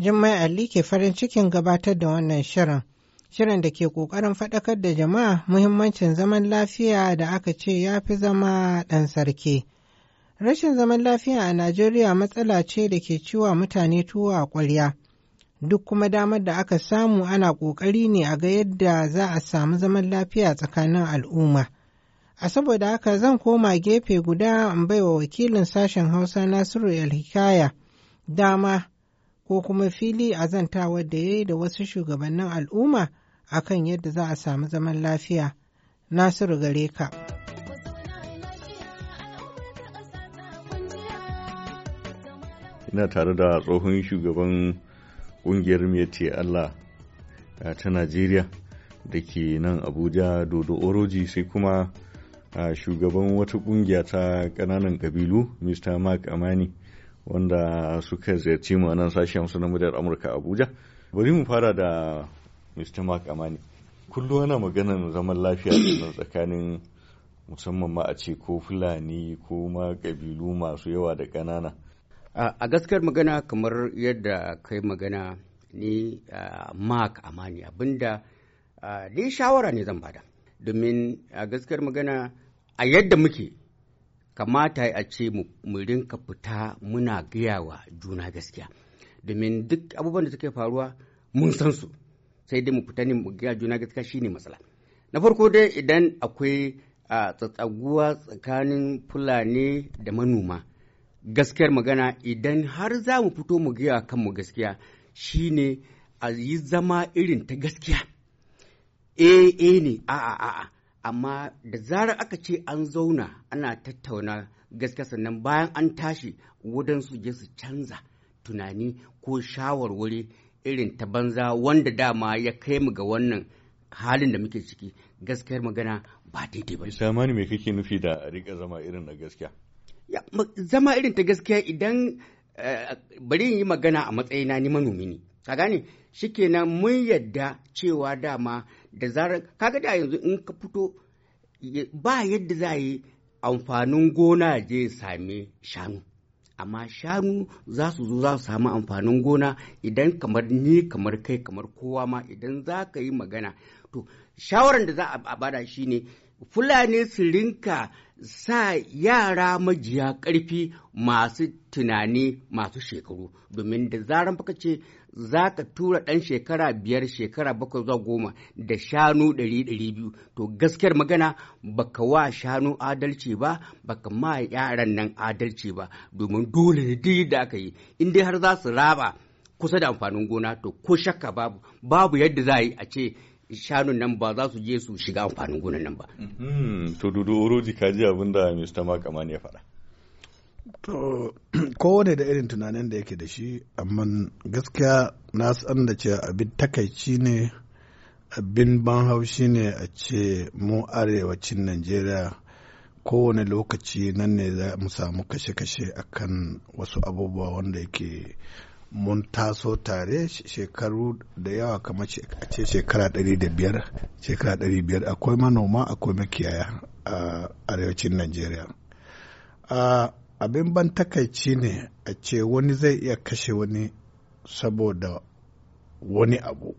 Jummai Ali ke farin cikin gabatar da wannan shirin. Shirin da ke ƙoƙarin faɗakar da jama'a muhimmancin zaman lafiya da aka ce ya fi zama ɗan sarki. Rashin zaman lafiya a Najeriya matsala ce da ke ciwa mutane tuwo a ƙwarya. Duk kuma damar da aka samu ana ƙoƙari ne a ga yadda za a samu zaman lafiya tsakanin al'umma. A saboda haka zan koma gefe guda in baiwa wakilin sashen Hausa Nasiru El Hikaya dama ko kuma fili a zantawar da ya yi da wasu shugabannin al'umma a kan yadda za a samu zaman lafiya. Nasiru gare ka. Ina tare da tsohon shugaban ƙungiyar Mete Allah ta Najeriya da ke nan Abuja Dodo Oroji sai kuma shugaban wata ƙungiya ta ƙananan ƙabilu Mr. Mark Amani. wanda suka ziyarci mu nan sashen su na muryar Amurka Abuja. Bari mu fara da Mr. Mark Amani. Kullum ana maganar zaman lafiya tsakanin musamman ma a ce ko Fulani ko ma ƙabilu masu yawa da ƙanana. A gaskiyar magana kamar yadda kai magana ni Mark Amani abinda ni shawara ne zan bada. Domin a gaskiyar magana a yadda muke kamata a ce mu rinka fita muna gaya wa juna gaskiya domin duk abubuwan da suke faruwa mun san su sai dai mu fita ne mu gaya juna gaskiya shine matsala na farko dai idan akwai tsatsaguwa tsakanin fulani da manoma gaskiyar magana idan har za mu fito mu gaya kanmu gaskiya shine a yi zama irin ta gaskiya eh ne eh ne a'a a'a amma da zarar aka ce an zauna ana tattauna gaskiya sannan bayan an tashi wadansu je su canza tunani ko shawarwari irin ta banza wanda dama ya kai mu ga wannan halin da muke ciki gaskiyar magana ba daidai ba. Samani me kake nufi da rika zama irin na gaskiya? Zama irin ta gaskiya idan eh, bari yi magana a matsayina ni manomi ne. Ka gane shikenan mun yadda cewa dama da zarar kaga da yanzu in ka fito ba yadda za yi amfanin gona je sami shanu amma shanu za su zo za su samu amfanin gona idan kamar ni kamar kai kamar kowa ma idan za ka yi magana to shawaran da za a bada shine fulani su rinka sa yara majiya ƙarfi masu tunani masu shekaru domin da zaran baka ce za ka tura ɗan shekara biyar shekara bakwai zuwa goma da shanu ɗari ɗari biyu to gaskiyar magana baka wa shanu adalci ba baka ma yaran nan adalci ba domin dole ne duk da aka yi in dai har za su raba kusa da amfanin gona to ko shakka babu babu yadda za a yi a ce shanun nan ba za su je su shiga amfanin gonan nan ba. Hmm, to dudu oroji ka ji abin da Mr. Makaman ya faɗa. To kowane da irin tunanin da yake da shi amma gaskiya na san da cewa abin takaici ne abin ban haushi ne a ce mu arewacin Najeriya kowane lokaci nan ne za mu samu kashe-kashe akan wasu abubuwa wanda yake mun taso tare shekaru da yawa kamar a ce shekara 500 shekara 500 akwai manoma akwai makiyaya a arewacin najeriya abin ban takaici ne a ce wani zai iya kashe wani saboda wani abu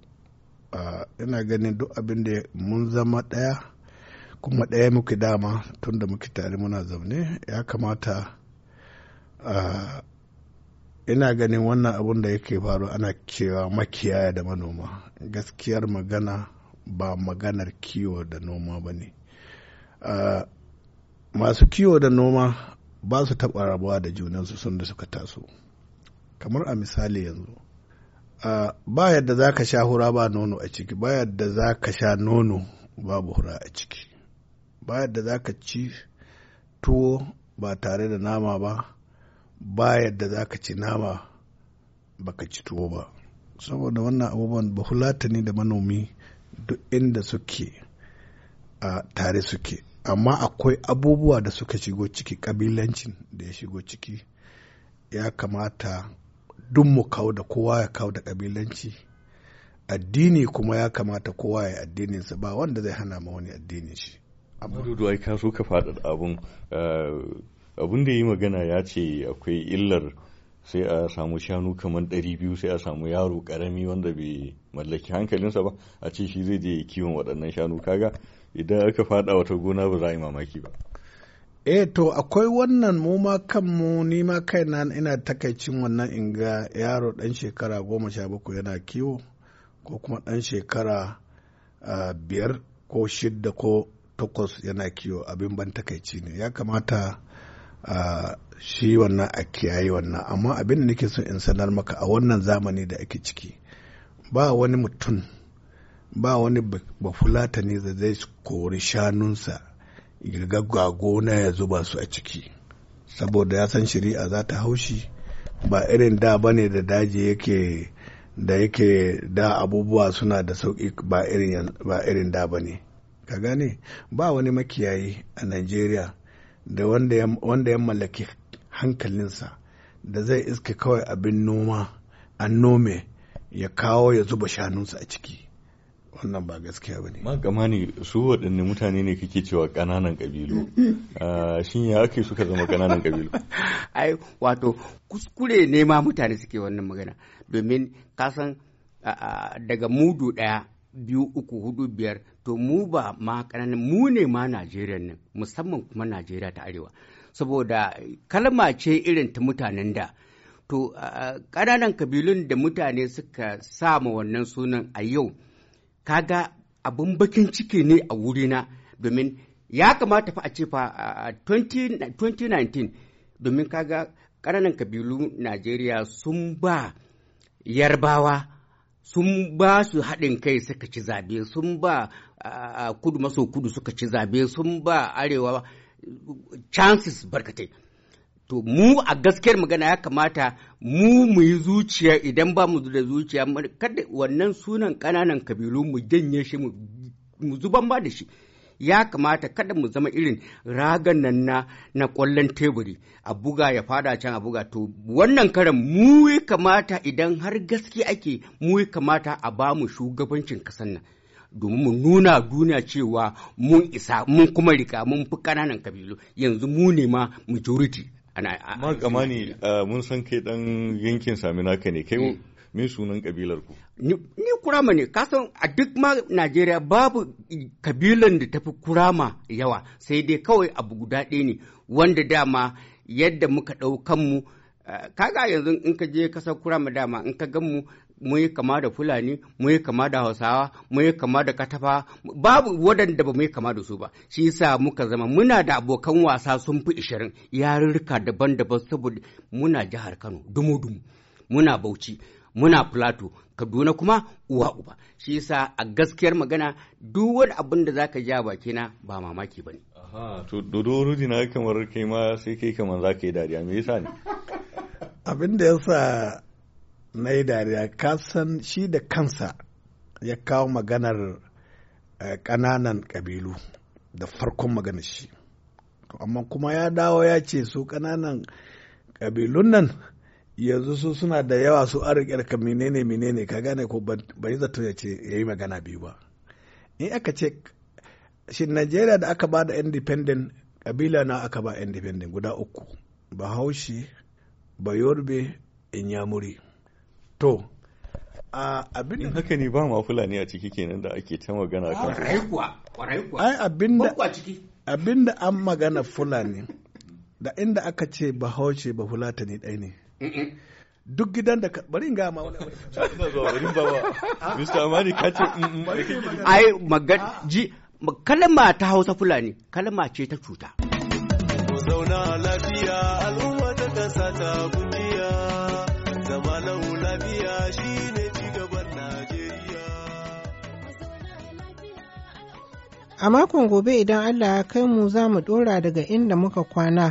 ina ganin duk abin da mun zama ɗaya kuma ɗaya muke dama tun da muke tare muna zaune ya kamata ina ganin wannan abun da yake faru ana cewa makiyaya da manoma gaskiyar magana ba maganar kiwo da noma ba ne masu kiwo da noma ba su taɓa rabuwa da junansu sun da suka taso kamar a misali yanzu uh, ba yadda za ka sha hura ba nono a ciki ba yadda za ka sha nono babu hura a ciki ba yadda za ka ci tuwo ba tare da nama ba ba yadda za ka ci nama baka ci tuwo ba saboda wannan abubuwan bahulata ne da manomi duk inda suke a tare suke amma akwai abubuwa da suka shigo ciki kabilancin da ya shigo ciki ya kamata duk mu kawo da kowa ya kawo da kabilanci addini kuma ya kamata kowa ya addininsa ba wanda zai hana ma wani addinin shi amma dudu ka so ka faɗaɗa abun eh, abin da ya yi magana ya ce akwai illar sai a samu shanu kamar ɗari biyu sai a samu yaro ƙarami wanda bai mallaki hankalinsa ba a ce shi zai je kiwon waɗannan shanu kaga idan aka faɗa wata gona ba za a yi mamaki ba e to akwai wannan mu ma kanmu ni ma kaina ina takaicin wannan in ga yaro ɗan shekara goma sha bakwai yana kiwo ko kuma ɗan shekara biyar ko shidda ko takwas yana kiwo abin ban takaici ne ya kamata shi wannan a kiyaye wannan amma abin da nake so in sanar maka a wannan zamani da ake ciki ba wani mutum ba wani bafulatani ne da zai kori shanunsa girgagwa gona ya zuba su a ciki saboda ya san shari'a za ta haushi ba irin da bane da daji yake da yake da abubuwa suna da sauƙi ba irin da bane ka gane ba wani makiyayi a najeriya da wanda ya mallaki hankalinsa da zai iske kawai abin noma an nome ya kawo ya zuba shanunsa a ciki wannan ba gaskiya ba ne ma ne su waɗanne mutane ne kake cewa ƙananan ƙabilu ah, shin ya ake suka zama ƙananan ƙabilu ai wato kuskure ne ma mutane suke wannan magana domin kasan daga mudu ɗaya biyu uku hudu biyar to mu ba ma ƙananan mu ne ma najeriya nan musamman kuma najeriya ta arewa saboda kalma ce irin ta mutanen da to ƙananan kabilun da mutane suka sa ma wannan sunan a yau kaga abun bakin ciki ne a wurina domin ya kamata fa a ce fa a 2019 domin kaga ƙananan kabilun najeriya sun ba yarbawa sun ba su haɗin kai suka ci zabe sun ba kudu maso kudu suka ci zabe sun ba arewa chances barkatai to mu a gaskiyar magana ya kamata mu mu yi zuciya idan ba mu da zuciya kada wannan sunan ƙananan kabilu mu janye shi mu zuban ba da shi ya kamata kada mu zama irin ragan nan na na kwallon teburi a buga ya fada can a buga to wannan karan mu kamata idan har gaske ake mu kamata a ba mu shugabancin kasan nan domin mu nuna duniya cewa mun isa mun kuma rika mun fi kananan kabilu yanzu mu ne ma majority ma kamani eh, mun san kai dan yankin saminaka ne kai mm. min sunan kabilar ku ni kurama ne kasan a duk ma Najeriya babu kabilan da tafi kurama yawa sai dai kawai abu guda ɗaya ne wanda dama yadda muka ɗau kanmu eh, kaga yanzu in ka je kasar kurama dama in ka gan mu mu yi kama da fulani mu yi kama da hausawa mu kama da katafa babu waɗanda ba mu kama da su ba shi yasa muka zama muna da abokan wasa sun fi ishirin yarurruka daban-daban saboda muna jihar kano dumu-dumu muna bauchi muna plato kaduna kuma uwa uba shi yasa a gaskiyar magana duk wani abin da zaka ja bakina ba mamaki ba aha to dodo rudi na kamar kai ma sai kai kamar zaka yi dariya me yasa ne abin da yasa na yi dariya ka san shi da kansa ya kawo maganar eh, ƙananan ƙabilu da farkon maganar shi amma kuma ya dawo ya ce su ƙananan ƙabilun nan yanzu su suna da yawa su an riƙe ka menene menene ka gane ko bai zato ya ce ya yi magana biyu ba in aka ce shi najeriya da aka ba da independent kabila na aka ba independent guda uku bahaushe bayorbe inyamuri to a abin haka ne ba ma fulani a ciki kenan da ake ta magana ah, kan ai abin da abin da an magana fulani da inda aka ce bahaushe ba ne ɗaya ne duk gidan da bari in gaya ma wani Mr. Amani ka ce ai magan kalma ta Hausa Fulani kalma ce ta cuta zauna lafiya al'umma ta kasa ta gujiya zama lafiya shine cigaban Najeriya a makon gobe idan Allah ya kai mu za mu dora daga inda muka kwana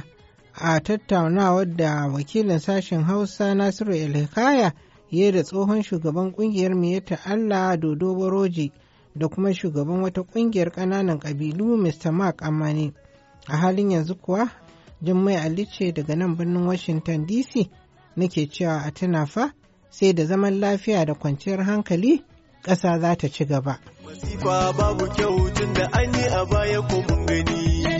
a tattaunawa da wakilin sashen hausa nasiru elhikaya ya da tsohon shugaban kungiyar miyatta allah dodo baroji da kuma shugaban wata kungiyar kananan kabilu mr mark amani a halin yanzu kuwa jummai ali ce daga nan birnin washington dc nake cewa a tuna fa sai da zaman lafiya da kwanciyar hankali ƙasa za ta ci gaba. Masifa babu kyau tun da an a baya ko gani.